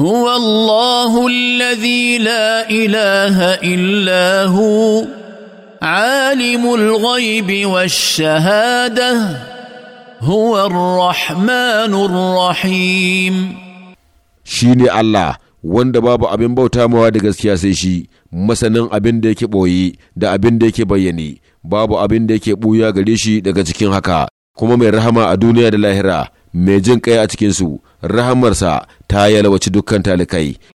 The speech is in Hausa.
هو الله الذي لا اله الا هو عالم الغيب والشهاده هو الرحمن الرحيم شيني الله wanda babu abin bauta mawa da gaskiya sai shi masanin abin da yake ɓoye da abin da yake bayyane babu abin da yake ɓuya gare shi daga cikin haka kuma mai rahama a duniya da lahira mai jin kai a cikinsu rahamarsa ta yalwaci dukkan talikai